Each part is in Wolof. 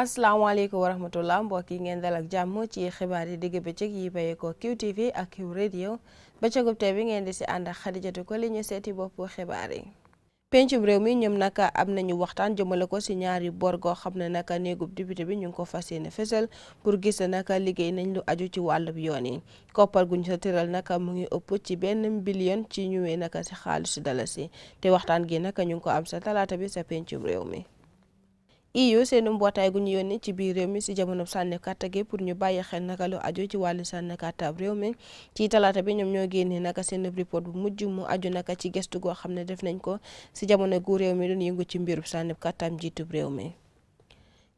asalaamaaleykum wa rahmatullah mbokk yi ngeen dal ak jàmm ci xibaar yi digg bëccëg yi bàyyeekoo QTV ak Q radio bëccëgub tey bi ngeen di si ànd ak Xadijatu ko li ñu seeti bopp xibaar yi. pencum réew mi ñoom naka am nañu waxtaan jëmale ko si ñaari bor goo xam ne naka néegub député bi ñu ngi ko fas yéene fësal pour gis naka liggéey nañ lu aju ci wàllub yoon yi koppar guñ sa tëral naka mu ngi ëpp ci benn billion ci ñëwee naka si xaalisu si te waxtaan gi naka ñu ngi ko am sa talaata bi sa pencum réew mi. EU seen mbootaay gu ñu yónnee ci biir réew mi si jamono sànni kàtta gi pour ñu bàyyi xel naka lu aju ci wàllu sànni kàttaab réew mi ci talaata bi ñoom ñoo génnee naka seen report bu mujj mu aju naka ci gestu goo xam ne def nañ ko si jamono gu réew mi doon yëngu ci mbirum sànni kàttaam jiitub réew mi.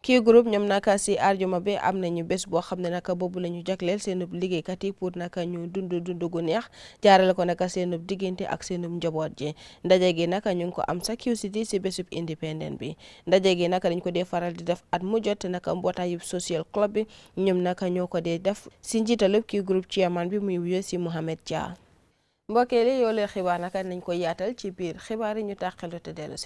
kii groupe ñoom naka si arjuma bi am na ñu bés boo xam ne nag boobu la ñu jagleel seenub liggéeykat yi pour naka ñu dund dund gu neex jaarale ko nag seenub diggante ak seenub njaboot ji ndaje gi nag ñu ngi ko am sa QCD si bésub indépendant bi ndaje gi dañ ko dee faral di def at mu jot nag mbootaayu social club bi ñoom nag ñoo ko dee def si njiitalub group ci chairman bi muy wuyo si Mohamed Dia. mbokk yi yow leen nañ ko yaatal ci biir xibaar yi ñu tàqalu te dellu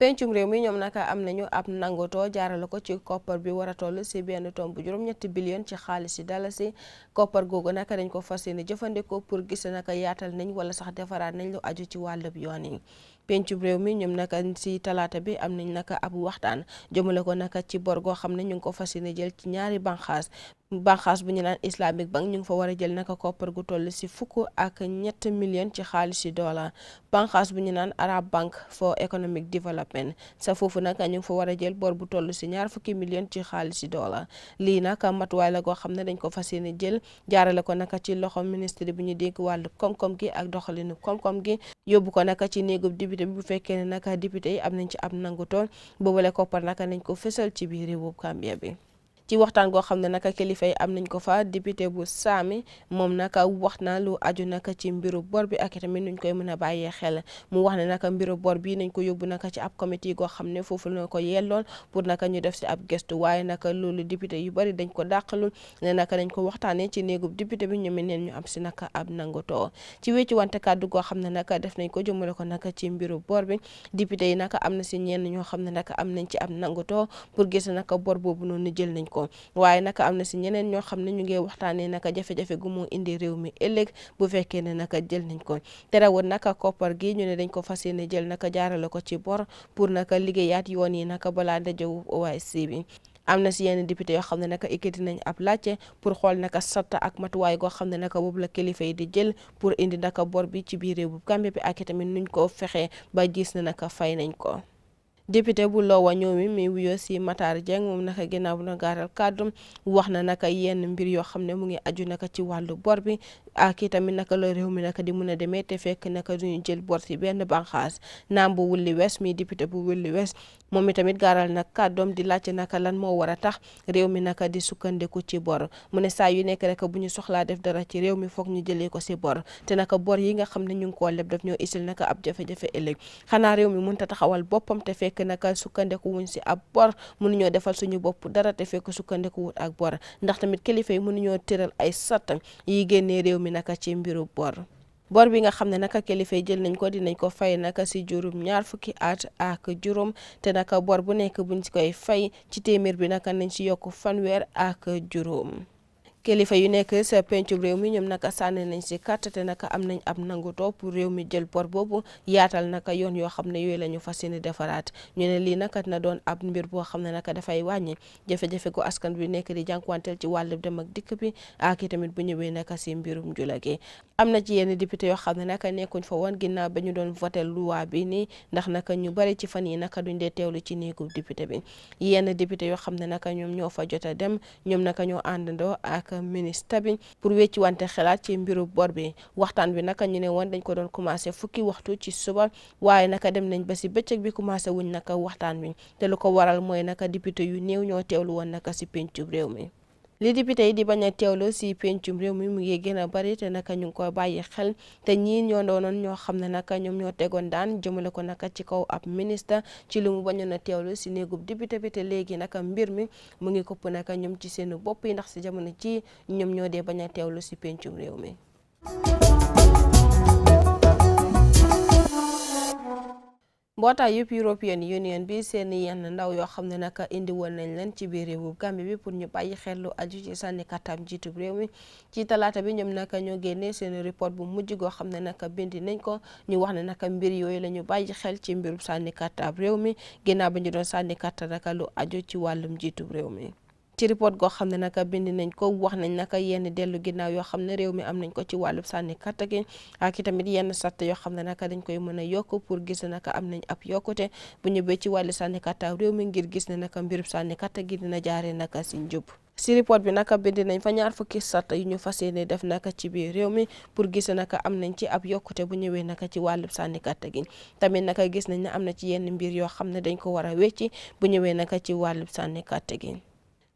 pencum réew mi ñoom naka am nañu ab nangoto jaarale ko ci koppar bi war a toll si benn tomb bu juróom-ñetti billion ci xaalis yi dalasi koppar googu naka dañ ko fas yéene jëfandikoo pour gis naka yaatal nañ wala sax defaraat nañ lu aju ci wàllub yoon yi pencum réew mi ñoom naka si talaata bi am nañ naka ab waxtaan jëmale ko naka ci bor goo xam ne ñu ngi ko fas yéene jël ci ñaari banqaas banqaas bu ñu naan Islamic Bank ñu ngi fa war a jël naka koppar gu toll si fukk ak ñett million ci xaalisi dollar banqaas bu ñu naan Arab Bank for Economic Development sa foofu naka ñu ngi war a jël bor bu toll si ñaar fukki million ci xaalisi dollar lii naka matuwaay la goo xam ne dañ ko fas yéene jël jaarale ko naka ci loxo ministre bu ñu dégg wàllu koom-koom gi ak doxalinu koom-koom gi yóbbu ko naka ci néegub député bu fekkee ne nag député yi am nañ ci ab nangu boole ko koppar naka nañ ko fësal ci biir réewum Gambia bi ci waxtaan goo xam ne naka kilifa yi am nañ ko fa député bu saami moom naka wax na lu aju naka ci mbiru bor bi ak itamit nuñ koy mën a bàyyee xel mu wax ne naka mbiru bor bi nañ ko yóbbu naka ci ab comité goo xam ne foofu la ko yelloon pour naka ñu def si ab gestu waaye naka loolu député yu bari dañ ko dàqalul ne naka dañ ko waxtaanee ci néegub député bi ñoom neen ñu am si naka ab nangutoo ci wécci wante kàddu goo xam ne naka def nañ ko jëmale ko naka ci mbiru bor bi député yi naka am na si ñenn ñoo xam ne naka am nañ ci ab nangutoo pour gis naka bor boobu noonu jël nañ ko ko waaye naka am na si ñeneen ñoo xam ne ñu ngi waxtaanee naka jafe-jafe gu mu indi réew mi ëllëg bu fekkee ne naka jël nañ ko tere terewul naka koppar gi ñu ne dañ ko fas yéene jël naka jaarale ko ci bor pour naka liggéeyaat yoon yi naka balaa dajewu OIC bi am na si yenn député yoo xam ne naka ikkati nañ ab laajte pour xool naka satta ak matuwaay goo xam ne naka boobu la kilifa yi di jël pour indi naka boor bi ci biir réew bu Gambie bi ak itamit nuñ ko fexee ba gis na naka fay nañ ko député bu Lowa ñoomi mi wuyoo si Matar Dieng moom naka ginnaaw bu na gaaral kàddu wax na naka yenn mbir yoo xam ne mu ngi aju naka ci wàllu bor bi ak itamit naka la réew mi naka di mun a demee te fekk naka duñu jël bor si benn banqaas naam bu wulli wees mi député bu wulli wees moom itamit gaaral nag kàddoom di laajte naka lan moo war a tax réew mi naka di sukkandiku ci bor mu ne saa yu nekk rek bu ñu soxlaa def dara ci réew mi foog ñu jëlee ko si bor te a bor yi nga xam ne ñu ngi koo leb daf ñoo isil naka ab jafe-jafe ëllëg xanaa réew mi mënut a taxawal boppam te fekk naka sukkandiku wuñ si ab bor nu ñoo defal suñu bopp dara te fekk sukkandiku wut ak bor ndax tamit kilifa yi mënuñoo tëral ay sat yi génnee réew mi mi naka ci mbiru bor bor bi nga xam ne naka kilifa jël nañ ko dinañ ko fay naka si juróom ñaar fukki at ak juróom te naka bor bu nekk buñ ci koy fay ci téeméer bi naka nañ ci yokk fanweer ak juróom kilifa yu nekk sa pencum réew mi ñoom naka sànni nañ si kàttate naka am nañ ab nangu toog pour réew mi jël bor boobu yaatal naka yoon yoo xam ne yooyu la ñu fas yéene defaraat ñu ne lii naka na doon ab mbir boo xam ne naka dafay wàññi jafe-jafe gu askan bi nekk di jànkuwanteel ci wàllu dem ak dikk bi ak i tamit bu ñëwee naka si mbirum jula gi am na ci yenn député yoo xam ne naka nekkuñ fa woon ginnaaw ba ñu doon voté loi bi nii ndax naka ñu bari ci fan yi naka duñ dee teewlu ci néegu député bi yenn yoo xam ne naka ñoom ñoo naka ñoo àndandoo ak ministre bi pour wecci wante xalaat ci mbiru bor bi waxtaan bi naka ñu ne woon dañ ko doon commencé fukki waxtu ci suba waaye naka dem nañ ba si bëccëg bi commencé wuñ naka waxtaan bi te lu ko waral mooy naka député yu néew ñoo teewlu woon naka si pencub réew mi li député yi di bañ a teewloo si pencum réew mi mu ngi gën a bari te naka ñu ngi ko bàyyi xel te ñii ñoo doonoon ñoo xam ne naka ñoom ñoo tegoon daan jëmale ko naka ci kaw ab ministre ci li mu bañoon a teewlu si néegub député bi léegi naka mbir mi mu ngi kopp naka ñoom ci seen bopp yi ndax si jamono ci ñoom ñoo dee bañ a teewlu si pencum réew mi mbootaay yëpp European Union bi seen yenn ndaw yoo xam ne nag indi woon nañ leen ci biir réewu Gambie bi pour ñu bàyyi xel lu aju ci sànni kàttam jiitu réew mi ci talaata bi ñoom nag ñoo génnee seen report bu mujj goo xam ne nag bindi nañ ko ñu wax ne nag mbir yooyu la ñu bàyyi xel ci mbirum sànni kàttam réew mi ginnaaw ba ñu doon sànni kàttam nag lu aju ci wàllum jiitu réew mi. ci report goo xam ne naka bind nañ ko wax nañ naka yenn dellu ginnaaw yoo xam ne réew mi am nañ ko ci wàllub sànni kàtta gi ak tamit yenn sart yoo xam ne naka dañ koy mën a yokk pour gis ne naka am nañ ab yokkute bu ñëbbee ci wàllu sànni réew mi ngir gis ne naka mbirub sànni kàtta gi dina jaaree naka si njub si report bi naka bind nañ fa ñaar fukki sart yu ñu fas yéene def naka ci biir réew mi pour gis naka am nañ ci ab yokkute bu ñëwee naka ci wàllub sànni kàtta gi tamit naka gis nañ ne am na ci yenn mbir yoo xam ne dañ ko war a wecci bu ñëwee naka ci wàllub sànni kàtta gi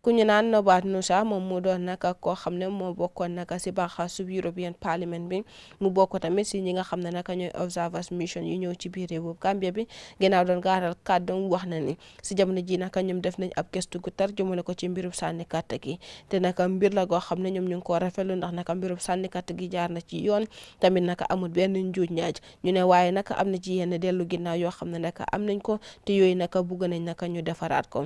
ku ñu naan Norbert Nussha moom mu doon naka koo xam ne moo bokkoon naka si bànqaasu European Parliament bi mu bokk tamit si ñi nga xam ne naka ñooy observers mission yi ñëw ci biir réewu Gambia bi ginnaaw doon gaaral kàddoom wax na ni si jamono ji naka ñoom def nañ ab gëstu gu tar ne ko ci mbirum sànni kàtt gi te naka mbir la goo xam ne ñoom ñu ngi koo rafetlu ndax naka mbirum sànni kàtt gi jaar na ci yoon tamit naka amul benn juuj ñaaj ñu ne waaye naka am na ci yenn dellu ginnaaw yoo xam ne naka am nañ ko te yooyu naka bugg nañ naka ñu defaraat ko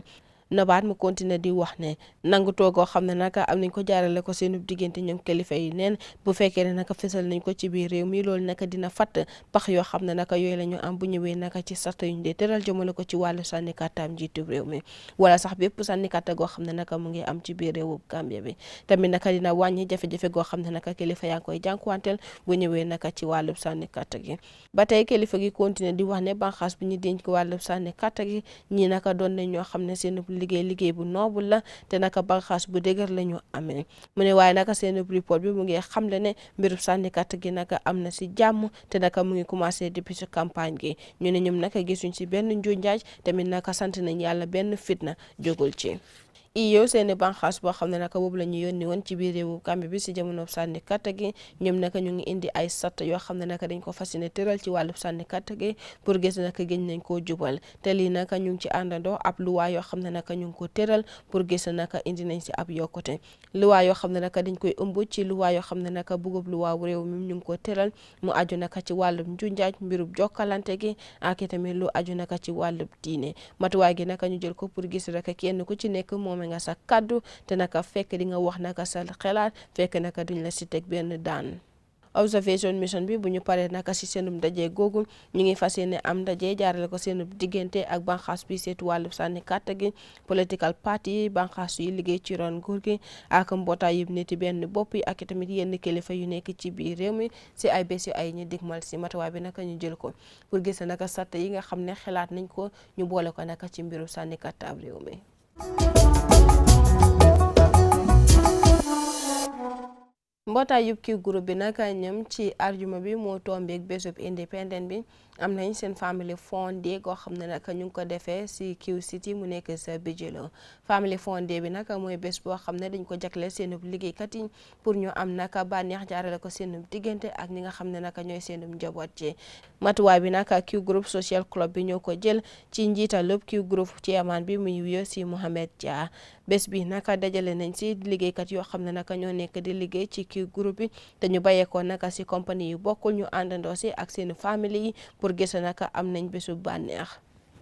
nabaat mu continuer di wax ne nangu toogoo xam ne nag am nañ ko jaarale ko seenu diggante ñoom kilifa yi neen bu fekkee ne naka fësal nañ ko ci biir réew mi loolu naka dina fatt pax yoo xam ne naka yooyu la ñu am bu ñëwee naka ci sart yuñ dee tëral jëmale ko ci wàllu sànnikàttaam jiitu réew mi wala sax bépp sànnikàtta goo xam ne naka mu ngi am ci biir réewu Gambia bi tamit naka dina wàññi jafe goo xam ne naka kilifa yaa ngi koy jànkuwanteel bu ñëwee naka ci wàllub sànnikàtta gi ba tey kilifa gi continuer di wax ne banxaas bi ñu dénk ko wàllub sànnikàtta gi ñi naka doon nañ ñoo xam ne seen liggéey liggéey bu noobul la te naka banqaas bu dëgër la ñu amee mu ne waaye naka seen report bi mu ngi xamle ne mbirub sànnikat gi naka am na si jàmm te naka mu ngi commencé depuis si campagne gi ñu ne ñoom naka gisuñ si benn njuuj njaaj tamit naka sant nañ yàlla benn fitna jógul ci iyo seeni banxaas boo xam ne naka boobu la ñu yónni woon ci biir réewu Gambie bi si jamono sànni kàtt gi ñoom naka ñu ngi indi ay sat yoo xam ne naka dañ ko fas yéene tëral ci wàllu sànni kàtt gi pour gis naka gëj nañ koo jubal te lii naka ñu ngi ci àndandoo ab luwaa yoo xam ne naka ñu ngi ko tëral pour gis naka indi nañ si ab yokkute luwaa yoo xam ne naka dañ koy ëmb ci luwaa yoo xam ne naka bëggub luwaa réew mi ñu ngi ko tëral mu aju naka ci wàllub njunjaaj mbirub jokkalante gi ak itamit aju naka ci wàllub diine matuwaay gi naka ñu jël ko pour gis rek kenn ku ci nekk amee nga sa kaddu te naka fekk di nga wax nag sa xelaat fekk naka duñ la si teg benn daan. observation mission bi bu ñu paree nag si seenub ndaje googu ñu ngi fas yéene am ndaje jaarale ko seenub diggante ak banqaas bi seetu wàllu sànni kat gi political party yi banqaas yi liggéey ci ron nguur gi ak mbootaay yu niti benn bopp yi ak itamit yenn kilifa yu nekk ci biir réew mi si ay bés yu ay ñu digmal si matawaay bi nag ñu jël ko pour gis nag satt yi nga xam ne xalaat nañ ko ñu boole ko naka ci mbiru sànni ab réew mi boota yub ki groupe bi nag ñoom ci arjuma bi moo tombeek bésub indépendant bi am nañ seen family fondé goo xam ne nag ñu ngi ko defee si Q City mu nekk sa Bijilo family fondé bi nag mooy bés boo xam ne dañ ko jagleel seen liggéeykat yi pour ñu am nag bànneex jaarale ko seen diggante ak ñi nga xam ne nag ñooy seen njaboot ci matuwaay bi nag Q Group Social Club bi ñoo ko jël ci njiitalub Q Group chairman bi muy wuyoo si Mohamed Dia bés bi nag dajale nañ si liggéeykat yoo xam ne nag ñoo nekk di liggéey ci Q Group bi te ñu bàyyeekoo nag si compagnie yu bokkul ñu àndandoo si ak seen family yi. pour gise naka am nañ bésu bànneex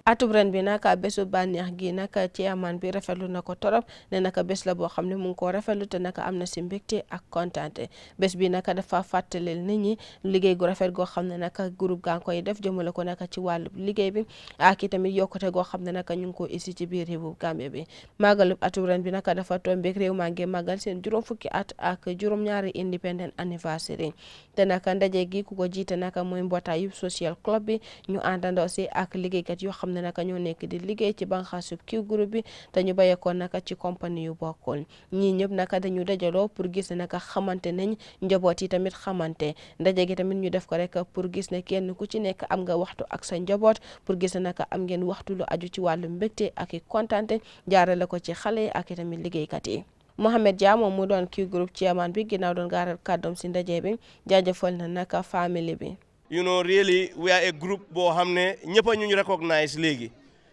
atub ren bi nag bésu bànneex gi nag chairman bi rafetlu na ko torop ne naka bés la boo xam ne mu ngi koo rafetlu te naka am na si mbégte ak kontaante bés bi naka dafa fàttaleel nit ñi liggéey gu rafet goo xam ne naka groupe gaa def jëmale ko naka ci wàllu liggéey bi ak i tamit yokkute goo xam ne naka ñu ngi ko issi ci biir réewu Gambie bi màggalub atub ren bi naka dafa tombeeg réew maa ngi màggal seen juróom fukki at ak juróom-ñaari independent anniversary te naka ndaje gi ku ko jiite naka mooy mbootaayu social club bi ñu àndandoo si ak liggéeykat yoo xam xam ne naka ñoo nekk di liggéey ci banxaasub kii group bi te ñu bayekoon naka ci compagnie yu bokkul ñii ñëpp naka dañu dajaloo pour gis ne naka xamante nañ njaboot yi tamit xamante ndaje gi tamit ñu def ko rek pour gis ne kenn ku ci nekk am nga waxtu ak sa njaboot pour gis ne naka am ngeen waxtu lu aju ci wàllu mbégte ak i kontante jaarale ko ci xale yi ak i tamit liggéeykat yi Mohamed Dia moom mu doon kii groupe chairman bi ginnaaw doon gaaral kàddoom si ndaje bi jaajëfal na naka famille bi you know, really, we are a group bo hamne ñepa ñu recognize legi.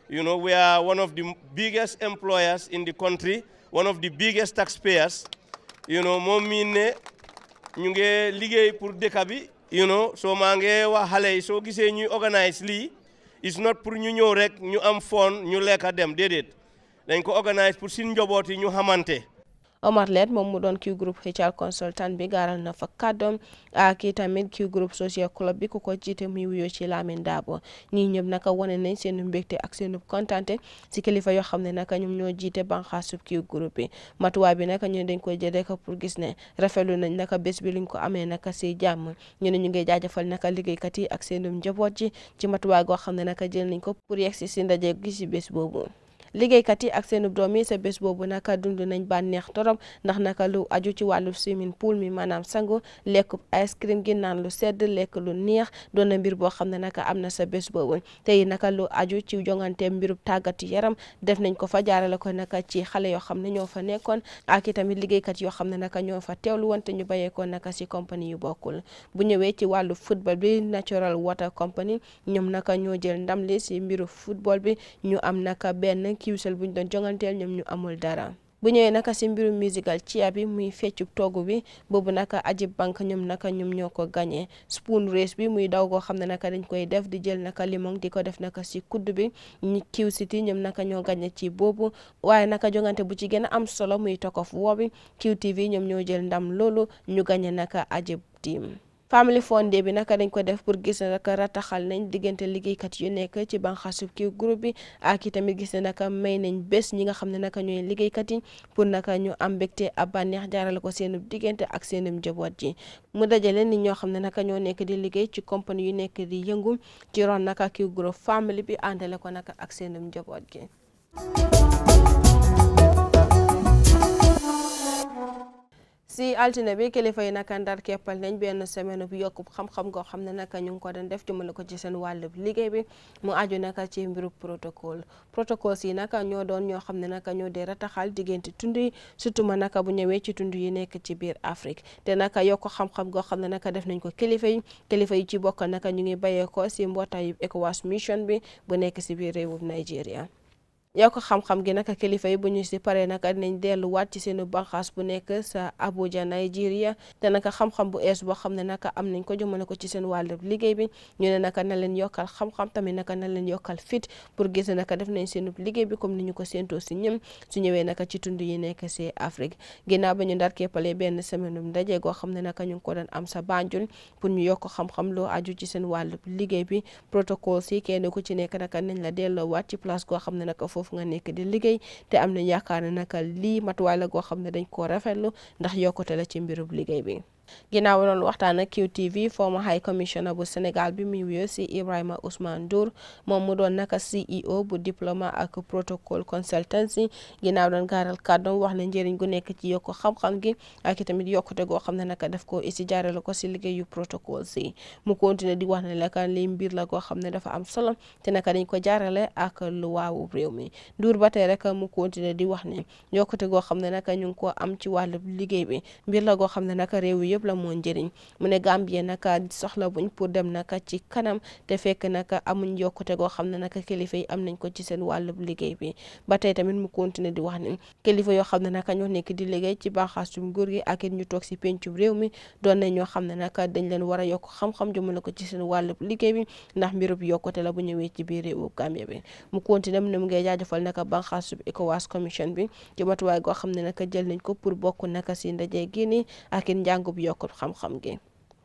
You know, we are one of the biggest employers in the country, one of the biggest taxpayers. You know, mom mi ne ñu nge liggéey pour dëkk bi, you know, so maa nge wax xale yi soo gisee ñuy organize lii it's not pour ñu ñëw rek ñu am fon ñu lekk dem déedéet dañ ko organize pour suñ njaboot yi ñu xamante Omar Led moom mu doon Q Group HR consultant bi gaaral na fa kàddoom kii tamit Q Group social club bi ku ko jiite muy wuyoo ci Lamin Dabo ñii ñëpp naka wane nañ seen mbégte ak seen kontante si kilifa yoo xam ne naka ñoom ñoo jiite banxaasu Q Group bi matuwaay bi naka ñu dañ koy jëlee ko pour gis ne rafetlu nañ naka bés bi ñu ko amee naka si jàmm ñu ne ñu ngi jaajëfal naka liggéeykat yi ak seen njaboot ji ci matuwaay goo xam ne naka jël nañ ko pour yegg si si ndaje gi si bés boobu. liggéeykat yi ak seenub doom yi sa bés boobu naka dund nañ bànneex torop ndax naka lu aju ci wàllu swimming pool mi maanaam sangu lekkub ice cream gi naan lu sedd lekk lu neex doon na mbir boo xam ne naka am na sa bés boobu tey naka lu aju ci jongante mbirub tàggatu yaram def nañ ko fa jaarale ko naka ci xale yoo xam ne ñoo fa nekkoon ak itamit liggéeykat yoo xam ne naka ñoo fa teewlu woon te ñu ko naka si compagnie yu bokkul bu ñëwee ci wàllu football bi Natural Water Company ñoom naka ñoo jël ndam li si mbiru football bi ñu am naka benn kiwsel buñ doon jonganteel ñoom ñu amul dara bu ñëwee naka si mbirum musical cia bi muy feccu togg bi boobu naka aji bank ñoom naka ñoom ñoo ko gañee spoon race bi muy daw goo xam ne naka dañ koy def di jël naka limon di ko def naka si kuddu bi ñu kiw siti ñoom naka ñoo gañe ci boobu waaye naka jongante bu ci gën a am solo muy tokof woo bi QTV ñoom ñoo jël ndam loolu ñu gañe naka aji team Family Fun Day bi naka dañ ko def pour gis ne naka rataxal nañ diggante liggéeykat yu nekk ci banxaasub ki groupe bi a ki tamit gis ne naka may nañ bés ñi nga xam ne naka ñooy liggéeykat yi pour naka ñu am mbégte ab bànneex jaarale ko seenub diggante ak seenum njaboot ji mu dajale nit ñoo xam ne naka ñoo nekk di liggéey ci compagnie yu nekk di yëngu ci ron naka ki groupe family bi àndale ko naka ak seenum njaboot gi si altine bi kilifa yi naka ndar keppal nañ benn semaine bu yokkub xam-xam goo xam ne naka ñu ngi ko doon def jëmale ko ci seen wàllub liggéey bi mu aju naka ci mbirub protocole protocoles yi naka ñoo doon ñoo xam ne naka ñoo dee rataxal diggante tund yi surtout ma naka bu ñëwee ci tund yi nekk ci biir Afrique te naka yokk xam-xam goo xam ne naka def nañ ko kilifa yi kilifa yi ci bokk naka ñu ngi bayee ko si mbootaayu ECOWAS mission bi bu nekk si biir réewum Nigeria. yokk xam-xam gi nag kilifa yi bu ñu si paree nag dinañ delluwaat ci seenu banqaas bu nekk sa Abuja Nigeria te nag xam-xam bu ees boo xam ne nag am nañ ko jëmale ko ci seen wàllu liggéey bi ñu ne nag na leen yokkal xam tamit nag na leen yokkal fit pour gis nag def nañ seen liggéey bi comme ni ñu ko séentoo si ñëm su ñëwee nag ci tund nekk si Afrique ginnaaw ba ñu ndar keppale benn semaine ndaje goo xam ne nag ñu ngi ko doon am sa Banjul pour ñu yokk xam-xam loo aju ci seen wàllu liggéey bi protocole si kenn ku ci nekk nag nañ la delloowaat ci place goo xam ne nag foofu nga nekk di liggéey te am nañ yaakaar ne naka lii matuwaay la goo xam ne dañ koo rafetlu ndax yokkute la ci mbirub liggéey bi ginnaaw loolu waxtaan ak QTV former high commissioner bu Sénégal bi muy wuyoo si Ibrahima Ousmane dur moom mu doon naka CEO bu diploma ak protocol consultancy ginnaaw doon gaaral kàddoom wax ne njëriñ gu nekk ci yokk xam-xam gi ak itamit yokkute goo xam ne naka def ko isi jaarale ko si liggéeyu protocol si mu continué di wax ne la kan li mbir la goo xam ne dafa am solo te naka dañ ko jaarale ak lu waawu réew mi Ndour ba tey rek mu continué di wax ne yokkute goo xam ne naka ñu ngi ko am ci wàllu liggéey bi mbir la goo réew yëpp la moo njëriñ mu ne Gambie naka soxla buñ pour dem naka ci kanam te fekk naka amuñ yokkute goo xam ne naka kilifa yi am nañ ko ci seen wàllub liggéey bi ba tey tamit mu continuer di wax ni kilifa yoo xam ne naka ñoo nekk di liggéey ci baaxaasum nguur gi ak it ñu toog si pencum réew mi doon nañ ñoo xam ne naka dañ leen war a yokk xam-xam jëmale ko ci seen wàllub liggéey bi ndax mbirub yokkute la bu ñëwee ci biir réewu Gambie bi mu continuer mu ne mu ngay jaajëfal naka baaxaasub ECOWAS commission bi ci matuwaay goo xam ne naka jël nañ ko pour bokk naka si ndaje gi yokk xam-xam gi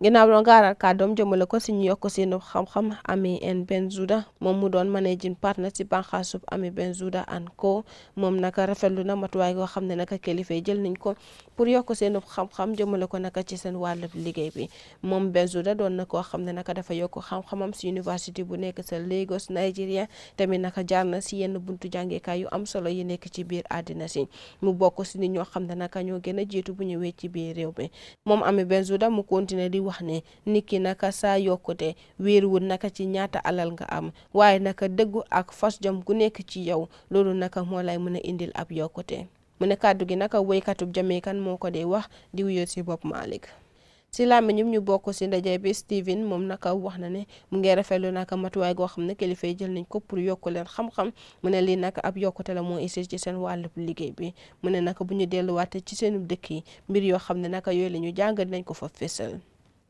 ginnaaw loo gaaral kàddoom jëmale ko si ñu yokk seenu xam-xam Amie benn Bensouda moom mu doon managing partner si banxaasub Amie Bensouda and ko moom naka rafetlu na matuwaay goo xam ne naka kilifa jël nañ ko pour yokk seen xam-xam jëmale ko naka ci seen wàllub liggéey bi moom Bensouda doon na koo xam ne naka dafa yokk xam-xamam si université bu nekk sa Lagos Nigeria tamit naka jaar na si yenn buntu jàngeekaay yu am solo yi nekk ci biir àddina si mu bokk si ni ñoo xam ne naka ñoo gën a jiitu bu ñëwee ci biir réew mi moom Ami Bensouda mu continuer di wax ne nit ki naka saa yokkute wéeruwul naka ci ñaata alal nga am waaye naka dëggu ak fas jom gu nekk ci yow loolu naka moo lay mën a indil ab yokkute mu ne kàddu gi naka jame kan moo ko dee wax di wuyoo ci Bob Malik si làmmiñum ñu bokk si ndaje bi Steven moom naka wax na ne mu ngi rafetlu naka matuwaay goo xam ne kilifa yi jël nañ ko pour yokk leen xam-xam mu ne lii naka ab yokkute la moo essayé ci seen wàllub liggéey bi mu ne naka bu ñu delluwaate ci seenu dëkk yi mbir yoo xam ne naka yooyu la ñu jàngal nañ ko fa fésal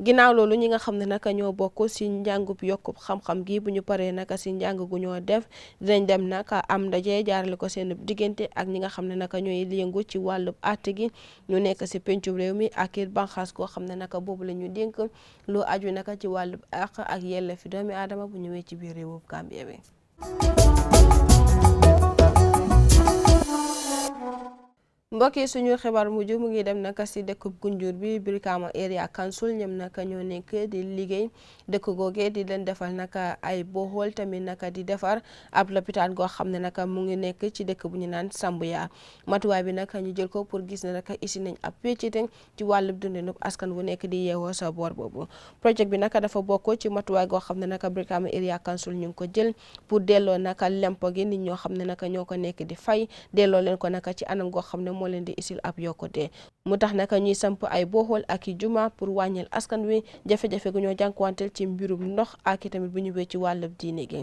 ginaaw loolu ñi nga xam ne nag ñoo bokk ci njàngub yokkub xam-xam gi bu ñu paree naka ci njàng gu ñoo def dinañ dem naka am ndaje jaarale ko seen diggante ak ñi nga xam ne nag ñooy yëngu ci wàllub àtte gi ñu nekk ci pencub réew mi ak it banxaas koo xam ne nag boobu lañu ñu dénk lu aju nag ci wàllub àq ak yelleefi doomi aadama bu ñëwee ci biir réewub Gambie bi mbokk yi suñu xibaar mujj mu ngi dem nag si dëkk Gunjur bi Brikama Area Council ñoom naka ñoo nekk di liggéey dëkk googee di leen defal nag ay bohol tamit nag di defar ab lopitaan goo xam ne nag mu ngi nekk ci dëkk bu ñu naan Sambuya matuwaay bi nag ñu jël ko pour gis ne nag isi nañ ab péccite ci wàllub dundinub askan bu nekk di yeewoo sa boor boobu projet bi nag dafa bokk ci matuwaay goo xam ne nag Brikama Area Council ñu ngi ko jël pour delloo nag lempo gi nit ñoo xam ne nag ñoo ko nekk di fay delloo leen moo leen di isil ab yokkute mu tax naka ñuy samp ay booxool ak i juma pour wàññil askan wi jafe-jafe gu ñoo jànkuwanteel ci mbirum ndox ak i tamit bu ñu wee ci wàllub diine gi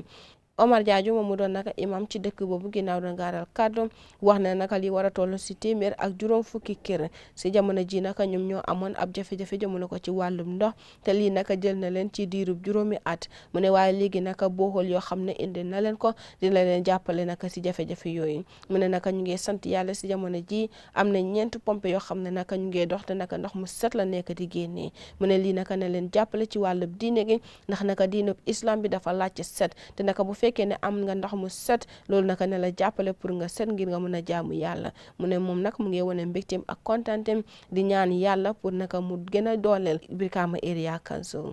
Omar Diadio moom mu doon naka imam ci dëkk boobu ginnaaw doon gaaral kàddu wax na naka li war a toll si téeméer ak juróom fukki kër si jamono ji naka ñoom ñoo amoon ab jafe-jafe ko ci wàllum ndox te lii naka jël na leen ci diirub juróomi at mu ne waaye léegi naka booxol yoo xam ne indi na leen ko dina leen jàppale naka si jafe-jafe yooyu mu ne naka ñu ngi sant yàlla si jamono ji am na ñeent pompe yoo xam ne naka ñu ngi dox te naka ndox mu set la nekk di génnee mu ne lii naka ne leen jàppale ci wàllub diine gi ndax naka diinub islam bi dafa laaj set te naka bu fekkee ne am nga ndox mu set loolu naka ne la jàppale pour nga set ngir nga mun a jaamu yàlla mu ne moom nag mu ngi wane mbégteem ak kontaanteem di ñaan yàlla pour naka mu gën a dooleel Brikama Area Council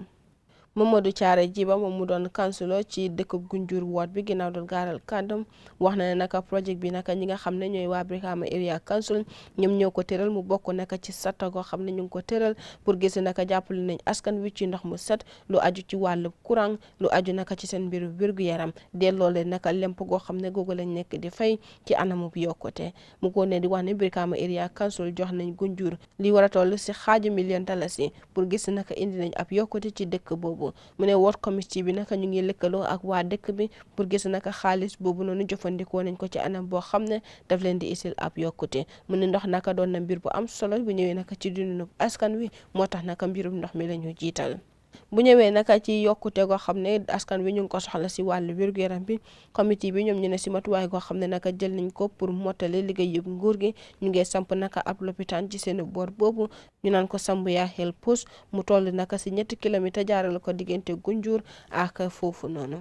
Mamadou Thiaré Djiba moom mu doon kansulo ci dëkk Gunjur woot bi ginnaaw doon gaaral kàddoom wax na ne naka projet bi naka ñi nga xam ne ñooy waa Brikama Area Council ñoom ñoo ko tëral mu bokk naka ci satta goo xam ne ñu ngi ko tëral pour gis naka jàppale nañ askan wi ci ndox mu set lu aju ci wàllu courant lu aju naka ci seen mbiru wérgu yaram delloo leen naka lemp goo xam ne googu lañ nekk di fay ci anamub yokkute mu ko ne di wax ne Brikama Area Council jox nañ Gunjur li war a toll si xaaju million dalasi pour gis naka indi nañ ab yokkute ci dëkk boobu boobu mu ne World Committee bi naka ñu ngi lëkkaloo ak waa dëkk bi pour gis naka xaalis boobu noonu jëfandikoo nañ ko ci anam boo xam ne daf leen di isil ab yokkute mu ne ndox naka doon na mbir bu am solo bu ñëwee naka ci dundinu askan wi moo tax naka mbirum ndox mi la ñu jiital bu ñëwee nag ci yokkute goo xam ne askan wi ñu ngi ko soxla si wàllu wérgu yaram bi comité bi ñoom ñu ne si matuwaay goo xam ne naka jël nañ ko pour mottale liggéey yëpp nguur gi ñu ngi samp naka ab lopitaan ci seen boor boobu ñu naan ko Sambuya Health Post mu toll naka si ñetti kilomètre jaarale ko diggante Gunjur ak foofu noonu.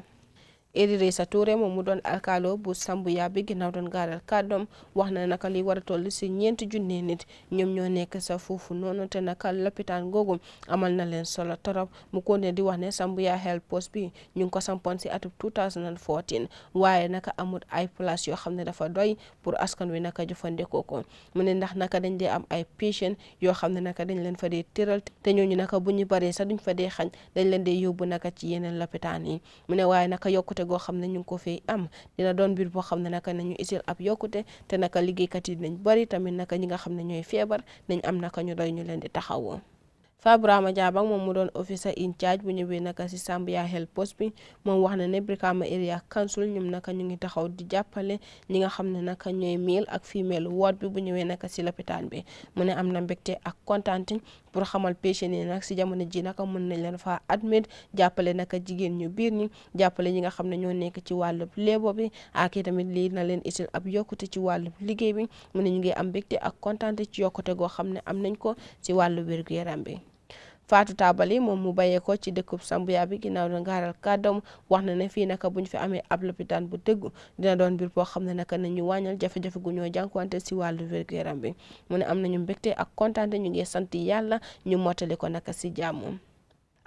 Idrissa Touré moom mu doon alkaalo bu Sambuya bi ginnaaw doon gaaral kàddoom wax na naka li war a toll si ñeenti junne nit ñoom ñoo nekk sa foofu noonu te naka lopitaan googu amal na leen solo torop mu ko ne di wax ne Sambuya Health Post bi ñu ngi ko sampoon si atum 2014 waaye naka amul ay place yoo xam ne dafa doy pour askan wi naka jëfandikoo ko mu ne ndax naka dañ de am ay patient yoo xam ne naka dañ leen fa dee tëral te ñooñu naka bu ñu baree sax duñ fa dee xañ dañ leen dee yóbbu naka ci yeneen lopitaan yi mu ne waaye naka yokku yokkute goo xam ne ñu ngi ko fay am dina doon mbir boo xam ne naka nañu isil ab yokkute te naka liggéeykat yi dinañ bari tamit naka ñi nga xam ne ñooy feebar nañ am naka ñu doy ñu leen di taxawoo Faaburama Jaabang moom mu doon officer in charge bu ñëwee naka si Sambia Help Post bi moom wax na ne Brikama Area Council ñoom naka ñu ngi taxaw di jàppale ñi nga xam ne naka ñooy male ak female ward bi bu ñëwee naka si lopitaan bi mu ne am na mbégte ak kontaante pour xamal patient yi nag si jamono ji naka mën nañ leen faa admit jàppale naka jigéen ñu biir ñi jàppale ñi nga xam ne ñoo nekk ci wàllub léebo bi ak i tamit lii na leen itil ab yokkute ci wàllub liggéey bi mu ne ñu ngi am mbégte ak kontaante ci yokkute goo xam ne am nañ ko si wàllu wér-gu-yaram bi Fatou Tabale moom mu bayee ko ci dëkkub Sambuya bi ginnaaw na ngaaral kàddoom wax na ne fii naka buñ fi amee ab lopitaan bu tëggu dina doon mbir boo xam ne naka nañu wàññal jafe-jafe gu ñoo jànkuwante si wàllu wér yaram bi mu ne am nañu mbégte ak kontaante ñu ngi sant yàlla ñu mottali ko naka si jàmm.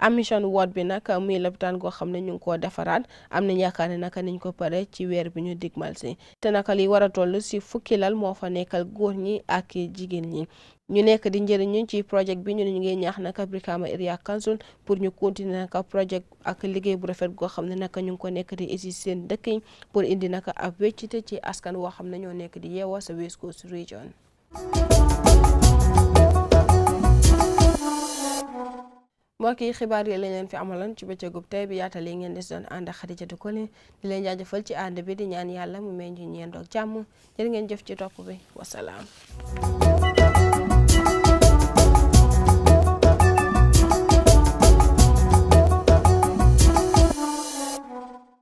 Ambition Ward bi nag muy lopitaan goo xam ne ñu ngi koo defaraat am nañ yaakaar ne naka niñ ko pare ci weer bi ñu digmal si te naka li war a toll si fukki lal moo fa nekkal góor ñi ak jigéen ñi ñu nekk di njëriñu ci projet bi ñu ne ñu ngi ñaax naka Brikama Area Council pour ñu continuer naka projet ak liggéey bu rafet goo xam ne naka ñu ngi ko nekk di isi seen dëkk pour indi naka ab wéccite ci askan woo xam ne ñoo nekk di yeewoo sa West Coast Region. mbokk yi xibaar yi lañ leen fi amaloon ci bëccëgub tey bi yaatal yi ngeen des doon ànd ak ko Collé di leen jaajëfal ci ànd bi di ñaan yàlla mu meññ ñu ñeen doog jàmm jërë jëf ci topp bi wasalaam.